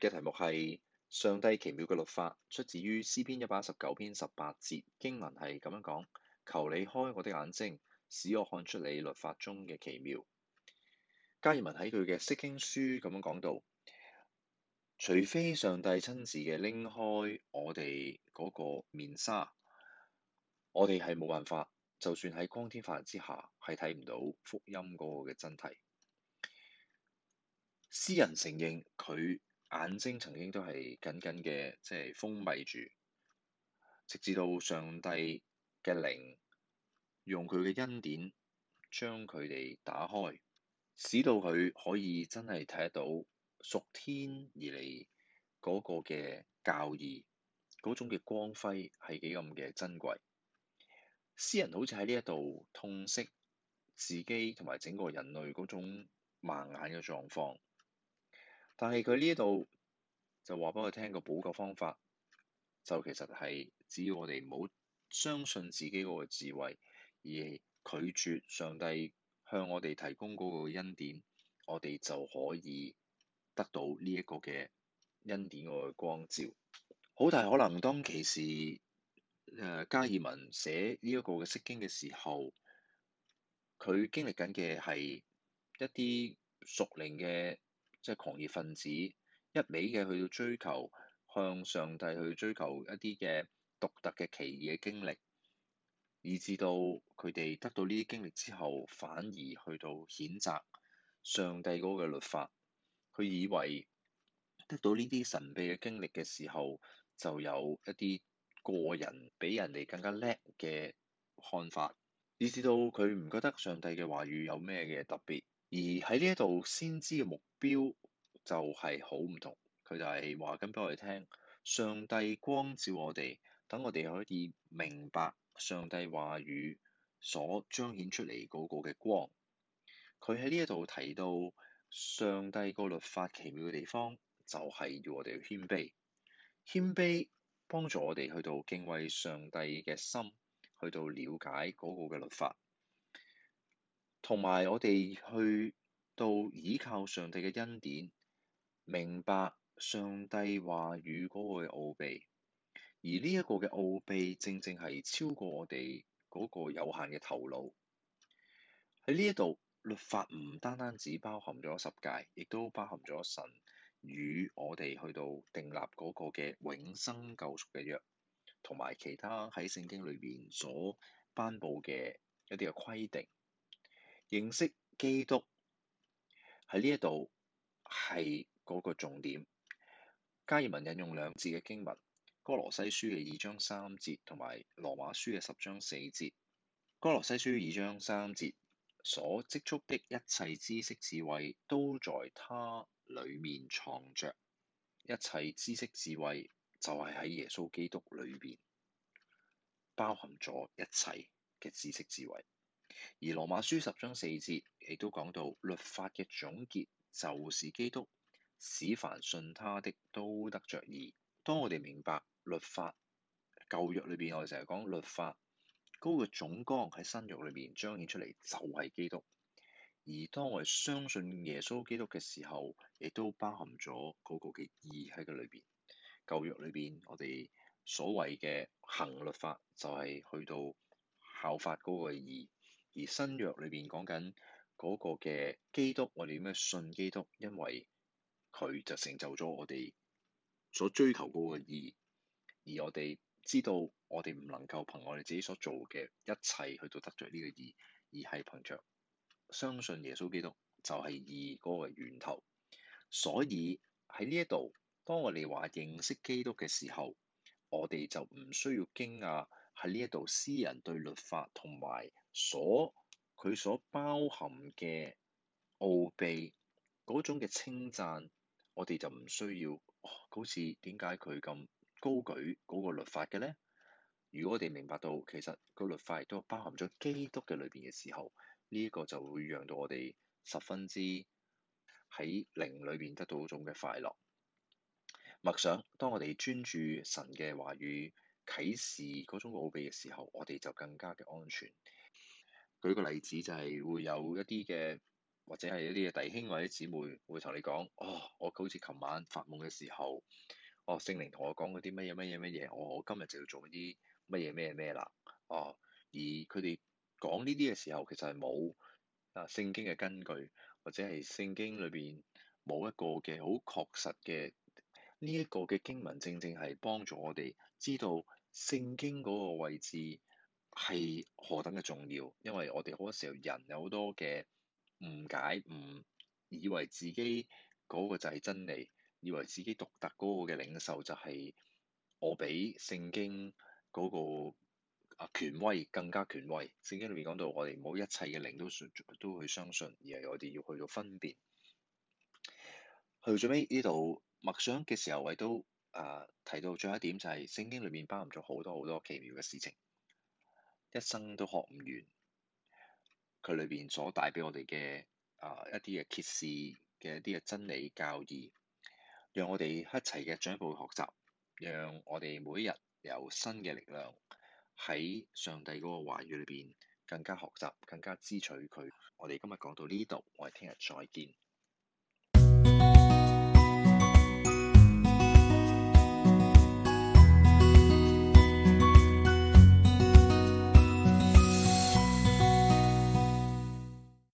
嘅題目係上帝奇妙嘅律法，出自於詩篇一百一十九篇十八節，經文係咁樣講：求你開我的眼睛，使我看出你律法中嘅奇妙。加爾文喺佢嘅《釋經書》咁樣講到，除非上帝親自嘅拎開我哋嗰個面紗，我哋係冇辦法，就算喺光天化日之下係睇唔到福音嗰個嘅真諦。詩人承認佢眼睛曾經都係緊緊嘅，即係封閉住，直至到上帝嘅靈用佢嘅恩典將佢哋打開，使到佢可以真係睇得到屬天而嚟嗰個嘅教義，嗰種嘅光輝係幾咁嘅珍貴。詩人好似喺呢一度痛惜自己同埋整個人類嗰種盲眼嘅狀況。但係佢呢度就話俾我聽個補救方法，就其實係只要我哋唔好相信自己嗰個智慧，而拒絕上帝向我哋提供嗰個恩典，我哋就可以得到呢一個嘅恩典嗰個光照。好大可能當其時誒加爾文寫呢、這、一個嘅釋經嘅時候，佢經歷緊嘅係一啲屬靈嘅。即係狂熱分子，一味嘅去到追求向上帝去追求一啲嘅獨特嘅奇異嘅經歷，以至到佢哋得到呢啲經歷之後，反而去到譴責上帝嗰個律法。佢以為得到呢啲神秘嘅經歷嘅時候，就有一啲個人比人哋更加叻嘅看法，以至到佢唔覺得上帝嘅話語有咩嘅特別。而喺呢一度先知嘅目標就係好唔同，佢就係話緊俾我哋聽，上帝光照我哋，等我哋可以明白上帝話語所彰顯出嚟嗰個嘅光。佢喺呢一度提到上帝個律法奇妙嘅地方，就係要我哋去謙卑，謙卑幫助我哋去到敬畏上帝嘅心，去到了解嗰個嘅律法。同埋我哋去到倚靠上帝嘅恩典，明白上帝話語嗰個嘅奧秘，而呢一個嘅奧秘正正係超過我哋嗰個有限嘅頭腦。喺呢一度律法唔單單只包含咗十誡，亦都包含咗神與我哋去到訂立嗰個嘅永生救贖嘅約，同埋其他喺聖經裏邊所頒布嘅一啲嘅規定。認識基督喺呢一度係嗰個重點。加爾文引用兩字嘅經文《歌羅西書》嘅二章三節，同埋《羅馬書》嘅十章四節。《歌羅西書》二章三節所積蓄的一切知識智慧，都在他裡面藏着。一切知識智慧就係喺耶穌基督裏邊，包含咗一切嘅知識智慧。而羅馬書十章四節亦都講到律法嘅總結就是基督，使凡信他的都得着義。當我哋明白律法，舊約裏邊，我哋成日講律法嗰個總綱喺新約裏邊彰顯出嚟就係基督。而當我哋相信耶穌基督嘅時候，亦都包含咗嗰個嘅義喺個裏邊。舊約裏邊我哋所謂嘅行律法就係去到效法嗰個義。而新約裏邊講緊嗰個嘅基督，我哋咩信基督？因為佢就成就咗我哋所追求嗰個義，而我哋知道我哋唔能夠憑我哋自己所做嘅一切去到得罪呢個義，而係憑着相信耶穌基督就係義嗰個源頭。所以喺呢一度，當我哋話認識基督嘅時候，我哋就唔需要驚訝。喺呢一度，詩人對律法同埋所佢所包含嘅奧秘嗰種嘅稱讚，我哋就唔需要。好似點解佢咁高舉嗰個律法嘅咧？如果我哋明白到其實嗰律法亦都包含咗基督嘅裏邊嘅時候，呢一個就會讓到我哋十分之喺靈裏邊得到一種嘅快樂。默想，當我哋專注神嘅話語啟示嗰種奧秘嘅時候，我哋就更加嘅安全。舉個例子就係會有一啲嘅，或者係一啲嘅弟兄或者姊妹會同你講，哦，我好似琴晚發夢嘅時候，哦，聖靈同我講嗰啲乜嘢乜嘢乜嘢，我我今日就要做啲乜嘢咩咩啦，哦，而佢哋講呢啲嘅時候，其實係冇啊聖經嘅根據，或者係聖經裏邊冇一個嘅好確實嘅呢一個嘅經文，正正係幫助我哋知道。聖經嗰個位置係何等嘅重要，因為我哋好多時候人有好多嘅誤解，誤以為自己嗰個就係真理，以為自己獨特嗰個嘅領受就係我比聖經嗰個權威更加權威。聖經裏面講到，我哋冇一切嘅靈都都去相信，而係我哋要去到分辨。去到最尾呢度默想嘅時候，位都。啊、提到最後一點就係、是、聖經裏面包含咗好多好多奇妙嘅事情，一生都學唔完。佢裏邊所帶畀我哋嘅、啊、一啲嘅揭示嘅一啲嘅真理教義，讓我哋一齊嘅進一步學習，讓我哋每一日有新嘅力量喺上帝嗰個話語裏邊更加學習，更加支取佢。我哋今日講到呢度，我哋聽日再見。